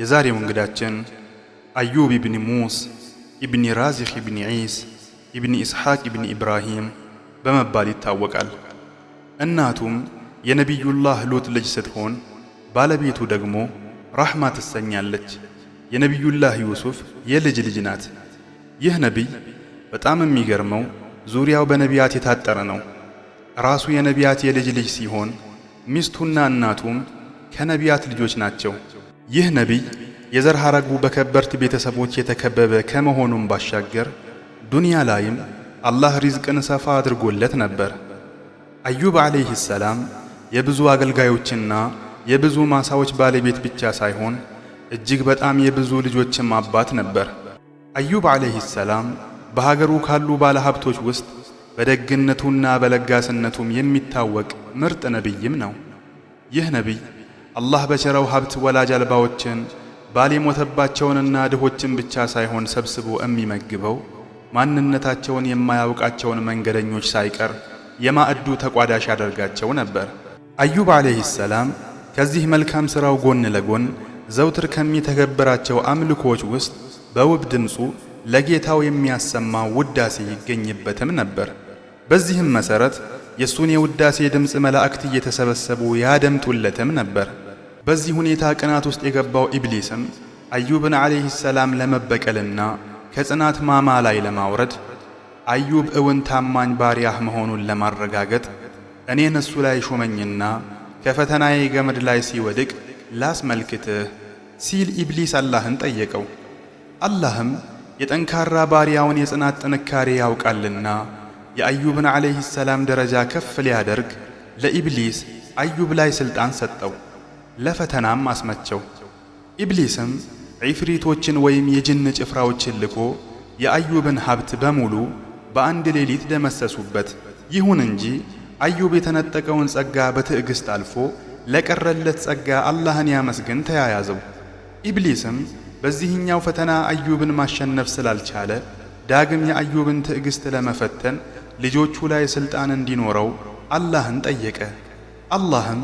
የዛሬው እንግዳችን አዩብ ኢብኒ ሙስ ኢብኒ ራዚኽ ኢብኒ ዒስ ኢብኒ ኢስሐቅ ኢብኒ ኢብራሂም በመባል ይታወቃል። እናቱም የነቢዩላህ ሉጥ ልጅ ስትሆን ባለቤቱ ደግሞ ራሕማ ትሰኛለች። የነቢዩላህ ዩሱፍ የልጅ ልጅ ናት። ይህ ነቢይ በጣም የሚገርመው ዙሪያው በነቢያት የታጠረ ነው። ራሱ የነቢያት የልጅ ልጅ ሲሆን ሚስቱና እናቱም ከነቢያት ልጆች ናቸው። ይህ ነቢይ የዘር ሐረጉ በከበርት ቤተሰቦች የተከበበ ከመሆኑም ባሻገር ዱንያ ላይም አላህ ሪዝቅን ሰፋ አድርጎለት ነበር። አዩብ ዓለይህ ሰላም የብዙ አገልጋዮችና የብዙ ማሳዎች ባለቤት ብቻ ሳይሆን እጅግ በጣም የብዙ ልጆችም አባት ነበር። አዩብ ዓለይህ ሰላም በሀገሩ ካሉ ባለሀብቶች ውስጥ በደግነቱና በለጋስነቱም የሚታወቅ ምርጥ ነቢይም ነው። ይህ ነቢይ አላህ በቸረው ሀብት ወላጅ አልባዎችን ባል የሞተባቸውንና ድሆችን ብቻ ሳይሆን ሰብስቦ የሚመግበው ማንነታቸውን የማያውቃቸውን መንገደኞች ሳይቀር የማዕዱ ተቋዳሽ ያደርጋቸው ነበር። አዩብ ዓለይሂ ሰላም ከዚህ መልካም ሥራው ጎን ለጎን ዘውትር ከሚተገበራቸው አምልኮዎች ውስጥ በውብ ድምፁ ለጌታው የሚያሰማ ውዳሴ ይገኝበትም ነበር። በዚህም መሠረት የእሱን የውዳሴ ድምፅ መላእክት እየተሰበሰቡ ያደምጡለትም ነበር። በዚህ ሁኔታ ቅናት ውስጥ የገባው ኢብሊስም አዩብን ዓለይህ ሰላም ለመበቀልና ከጽናት ማማ ላይ ለማውረድ አዩብ እውን ታማኝ ባሪያህ መሆኑን ለማረጋገጥ እኔን እሱ ላይ ሾመኝና ከፈተናዬ ገመድ ላይ ሲወድቅ ላስመልክትህ ሲል ኢብሊስ አላህን ጠየቀው። አላህም የጠንካራ ባሪያውን የጽናት ጥንካሬ ያውቃልና የአዩብን ዓለይህ ሰላም ደረጃ ከፍ ሊያደርግ ለኢብሊስ አዩብ ላይ ሥልጣን ሰጠው። ለፈተናም አስመቸው። ኢብሊስም ዒፍሪቶችን ወይም የጅን ጭፍራዎችን ልኮ የአዩብን ሀብት በሙሉ በአንድ ሌሊት ደመሰሱበት። ይሁን እንጂ አዩብ የተነጠቀውን ጸጋ በትዕግሥት አልፎ ለቀረለት ጸጋ አላህን ያመስግን ተያያዘው። ኢብሊስም በዚህኛው ፈተና አዩብን ማሸነፍ ስላልቻለ ዳግም የአዩብን ትዕግሥት ለመፈተን ልጆቹ ላይ ሥልጣን እንዲኖረው አላህን ጠየቀ። አላህም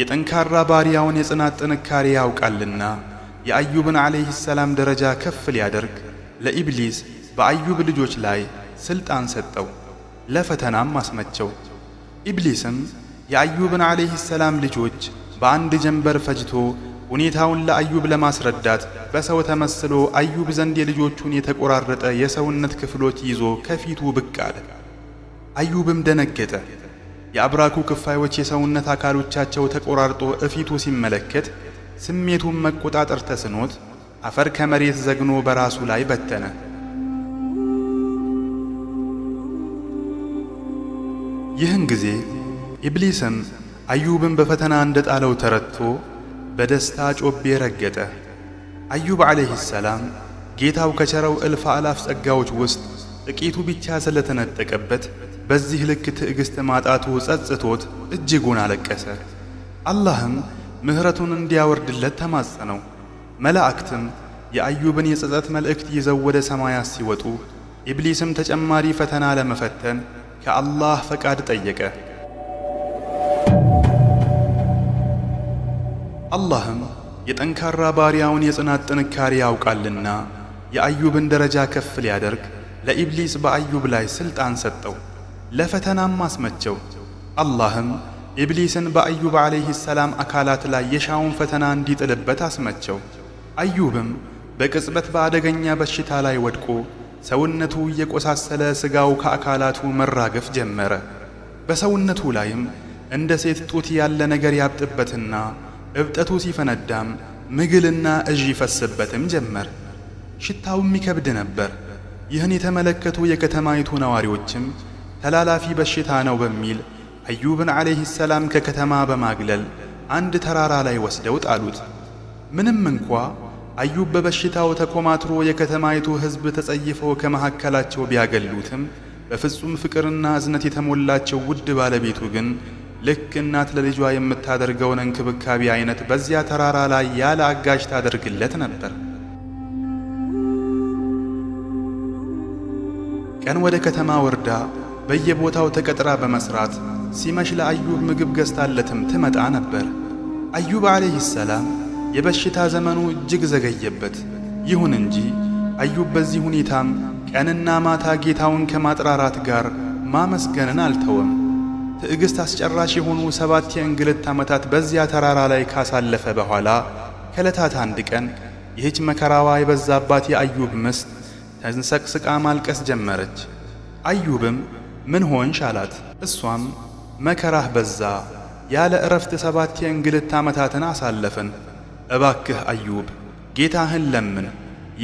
የጠንካራ ባሪያውን የጽናት ጥንካሬ ያውቃልና የአዩብን ዓለይህ ሰላም ደረጃ ከፍ ሊያደርግ ለኢብሊስ በአዩብ ልጆች ላይ ሥልጣን ሰጠው፣ ለፈተናም አስመቸው። ኢብሊስም የአዩብን ዓለይህ ሰላም ልጆች በአንድ ጀንበር ፈጅቶ ሁኔታውን ለአዩብ ለማስረዳት በሰው ተመስሎ አዩብ ዘንድ የልጆቹን የተቆራረጠ የሰውነት ክፍሎች ይዞ ከፊቱ ብቅ አለ። አዩብም ደነገጠ። የአብራኩ ክፋዮች የሰውነት አካሎቻቸው ተቆራርጦ እፊቱ ሲመለከት ስሜቱን መቆጣጠር ተስኖት አፈር ከመሬት ዘግኖ በራሱ ላይ በተነ። ይህን ጊዜ ኢብሊስም አዩብን በፈተና እንደ ጣለው ተረድቶ በደስታ ጮቤ ረገጠ። አዩብ ዓለይሂ ሰላም ጌታው ከቸረው እልፍ አላፍ ጸጋዎች ውስጥ ጥቂቱ ብቻ ስለተነጠቀበት በዚህ ልክ ትዕግሥት ማጣቱ ጸጽቶት እጅጉን አለቀሰ። አላህም ምሕረቱን እንዲያወርድለት ተማጸነው። መላእክትም የአዩብን የጸጸት መልእክት ይዘው ወደ ሰማያት ሲወጡ ኢብሊስም ተጨማሪ ፈተና ለመፈተን ከአላህ ፈቃድ ጠየቀ። አላህም የጠንካራ ባሪያውን የጽናት ጥንካሬ ያውቃልና የአዩብን ደረጃ ከፍ ሊያደርግ ለኢብሊስ በአዩብ ላይ ሥልጣን ሰጠው። ለፈተናም አስመቸው። አላህም ኢብሊስን በአዩብ ዓለይህ ሰላም አካላት ላይ የሻውን ፈተና እንዲጥልበት አስመቸው። አዩብም በቅጽበት በአደገኛ በሽታ ላይ ወድቆ ሰውነቱ እየቆሳሰለ ሥጋው ከአካላቱ መራገፍ ጀመረ። በሰውነቱ ላይም እንደ ሴት ጡት ያለ ነገር ያብጥበትና እብጠቱ ሲፈነዳም ምግልና እዥ ይፈስበትም ጀመር። ሽታውም ይከብድ ነበር። ይህን የተመለከቱ የከተማይቱ ነዋሪዎችም ተላላፊ በሽታ ነው በሚል አዩብን ዓለይህ ሰላም ከከተማ በማግለል አንድ ተራራ ላይ ወስደው ጣሉት። ምንም እንኳ አዩብ በበሽታው ተኮማትሮ የከተማይቱ ሕዝብ ተጸይፈው ከመሐከላቸው ቢያገሉትም በፍጹም ፍቅርና እዝነት የተሞላቸው ውድ ባለቤቱ ግን ልክ እናት ለልጇ የምታደርገውን እንክብካቤ አይነት በዚያ ተራራ ላይ ያለ አጋዥ ታደርግለት ነበር። ቀን ወደ ከተማ ወርዳ በየቦታው ተቀጥራ በመስራት ሲመሽ ለአዩብ ምግብ ገዝታለትም ትመጣ ነበር። አዩብ ዓለይህ ሰላም የበሽታ ዘመኑ እጅግ ዘገየበት። ይሁን እንጂ አዩብ በዚህ ሁኔታም ቀንና ማታ ጌታውን ከማጥራራት ጋር ማመስገንን አልተወም። ትዕግሥት አስጨራሽ የሆኑ ሰባት የእንግልት ዓመታት በዚያ ተራራ ላይ ካሳለፈ በኋላ ከዕለታት አንድ ቀን ይህች መከራዋ የበዛባት የአዩብ ምስት ተንሰቅስቃ ማልቀስ ጀመረች። አዩብም ምን ሆንሽ አላት። እሷም መከራህ በዛ፣ ያለ እረፍት ሰባት የእንግልት ዓመታትን አሳለፍን። እባክህ አዩብ ጌታህን ለምን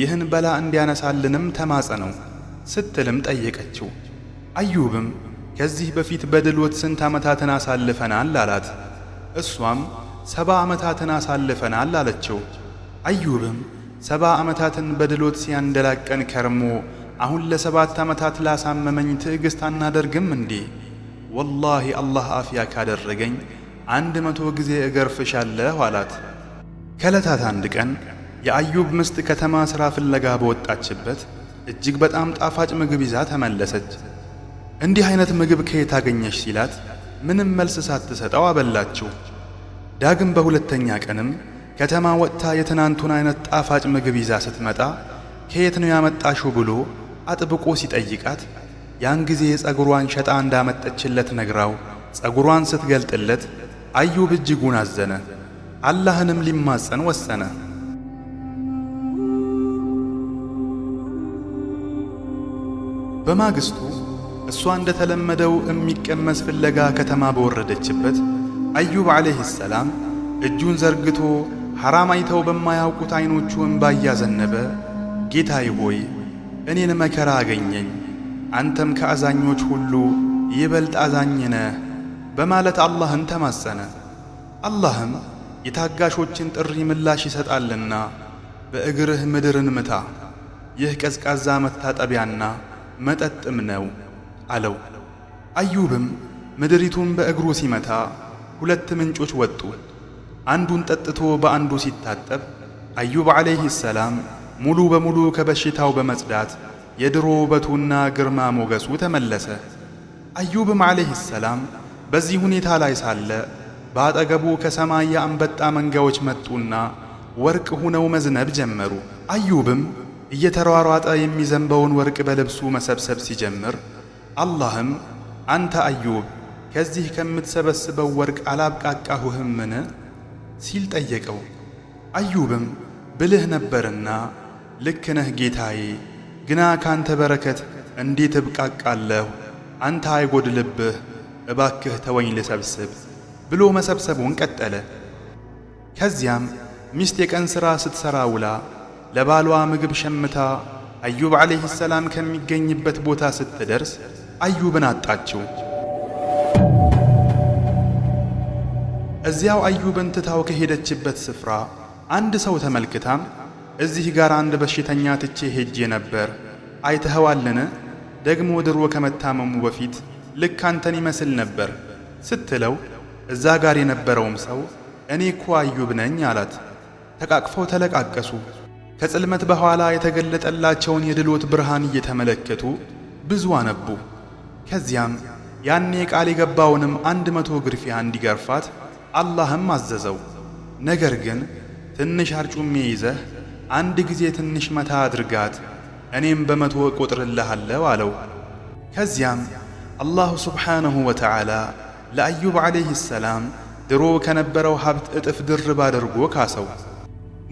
ይህን በላ እንዲያነሳልንም ተማጸነው ስትልም ጠየቀችው። አዩብም ከዚህ በፊት በድሎት ስንት ዓመታትን አሳልፈናል አላት። እሷም ሰባ ዓመታትን አሳልፈናል አለችው። አዩብም ሰባ ዓመታትን በድሎት ሲያንደላቀን ከርሞ አሁን ለሰባት ዓመታት ላሳመመኝ ትዕግሥት አናደርግም እንዴ? ወላሂ አላህ አፍያ ካደረገኝ አንድ መቶ ጊዜ እገርፍሻለሁ አላት። ከዕለታት አንድ ቀን የአዩብ ምስት ከተማ ሥራ ፍለጋ በወጣችበት እጅግ በጣም ጣፋጭ ምግብ ይዛ ተመለሰች። እንዲህ አይነት ምግብ ከየት አገኘሽ ሲላት ምንም መልስ ሳትሰጠው አበላችው። ዳግም በሁለተኛ ቀንም ከተማ ወጥታ የትናንቱን አይነት ጣፋጭ ምግብ ይዛ ስትመጣ ከየት ነው ያመጣሽው ብሎ አጥብቆ ሲጠይቃት ያን ጊዜ ጸጉሯን ሸጣ እንዳመጠችለት ነግራው ጸጉሯን ስትገልጥለት አዩብ እጅጉን አዘነ። አላህንም ሊማጸን ወሰነ። በማግስቱ እሷ እንደተለመደው የሚቀመስ ፍለጋ ከተማ በወረደችበት አዩብ ዓለይሂ ሰላም እጁን ዘርግቶ ሐራም አይተው በማያውቁት ዐይኖቹ እምባ እያዘነበ ጌታዬ ሆይ እኔን መከራ አገኘኝ፣ አንተም ከአዛኞች ሁሉ ይበልጥ አዛኝ ነህ በማለት አላህን ተማጸነ። አላህም የታጋሾችን ጥሪ ምላሽ ይሰጣልና በእግርህ ምድርን ምታ፣ ይህ ቀዝቃዛ መታጠቢያና መጠጥም ነው አለው። አዩብም ምድሪቱን በእግሩ ሲመታ ሁለት ምንጮች ወጡ። አንዱን ጠጥቶ በአንዱ ሲታጠብ አዩብ ዓለይህ ሰላም ሙሉ በሙሉ ከበሽታው በመጽዳት የድሮ ውበቱና ግርማ ሞገሱ ተመለሰ። አዩብም ዓለይህ ሰላም በዚህ ሁኔታ ላይ ሳለ በአጠገቡ ከሰማይ የአንበጣ መንጋዎች መጡና ወርቅ ሁነው መዝነብ ጀመሩ። አዩብም እየተሯሯጠ የሚዘንበውን ወርቅ በልብሱ መሰብሰብ ሲጀምር አላህም አንተ አዩብ ከዚህ ከምትሰበስበው ወርቅ አላብቃቃሁህምን ሲል ጠየቀው። አዩብም ብልህ ነበርና ልክ ነህ ጌታዬ፣ ግና ካንተ በረከት እንዴት እብቃቃለሁ? አንተ አይጎድልብህ፣ እባክህ ተወኝ ልሰብስብ ብሎ መሰብሰቡን ቀጠለ። ከዚያም ሚስት የቀን ሥራ ስትሠራ ውላ ለባሏ ምግብ ሸምታ አዩብ ዓለይህ ሰላም ከሚገኝበት ቦታ ስትደርስ አዩብን አጣችው። እዚያው አዩብን ትታው ከሄደችበት ስፍራ አንድ ሰው ተመልክታም እዚህ ጋር አንድ በሽተኛ ትቼ ሄጄ ነበር፣ አይተኸዋልን? ደግሞ ድሮ ከመታመሙ በፊት ልክ አንተን ይመስል ነበር ስትለው እዛ ጋር የነበረውም ሰው እኔ እኮ አዩብ ነኝ አላት። ተቃቅፈው ተለቃቀሱ። ከጽልመት በኋላ የተገለጠላቸውን የድሎት ብርሃን እየተመለከቱ ብዙ አነቡ። ከዚያም ያኔ ቃል የገባውንም አንድ መቶ ግርፊያ እንዲገርፋት አላህም አዘዘው። ነገር ግን ትንሽ አርጩሜ ይዘህ አንድ ጊዜ ትንሽ መታ አድርጋት፣ እኔም በመቶ እቆጥርልሃለሁ አለው። ከዚያም አላሁ ስብሓነሁ ወተዓላ ለአዩብ ዓለይህ ሰላም ድሮ ከነበረው ሀብት እጥፍ ድርብ አድርጎ ካሰው።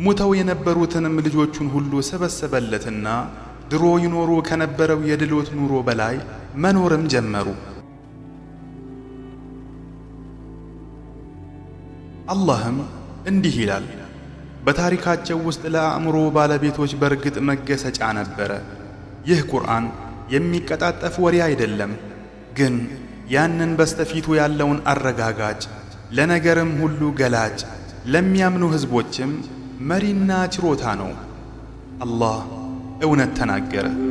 ሙተው የነበሩትንም ልጆቹን ሁሉ ሰበሰበለትና ድሮ ይኖሩ ከነበረው የድሎት ኑሮ በላይ መኖርም ጀመሩ። አላህም እንዲህ ይላል በታሪካቸው ውስጥ ለአእምሮ ባለቤቶች በእርግጥ መገሰጫ ነበረ። ይህ ቁርአን የሚቀጣጠፍ ወሬ አይደለም፣ ግን ያንን በስተፊቱ ያለውን አረጋጋጭ፣ ለነገርም ሁሉ ገላጭ፣ ለሚያምኑ ሕዝቦችም መሪና ችሮታ ነው። አላህ እውነት ተናገረ።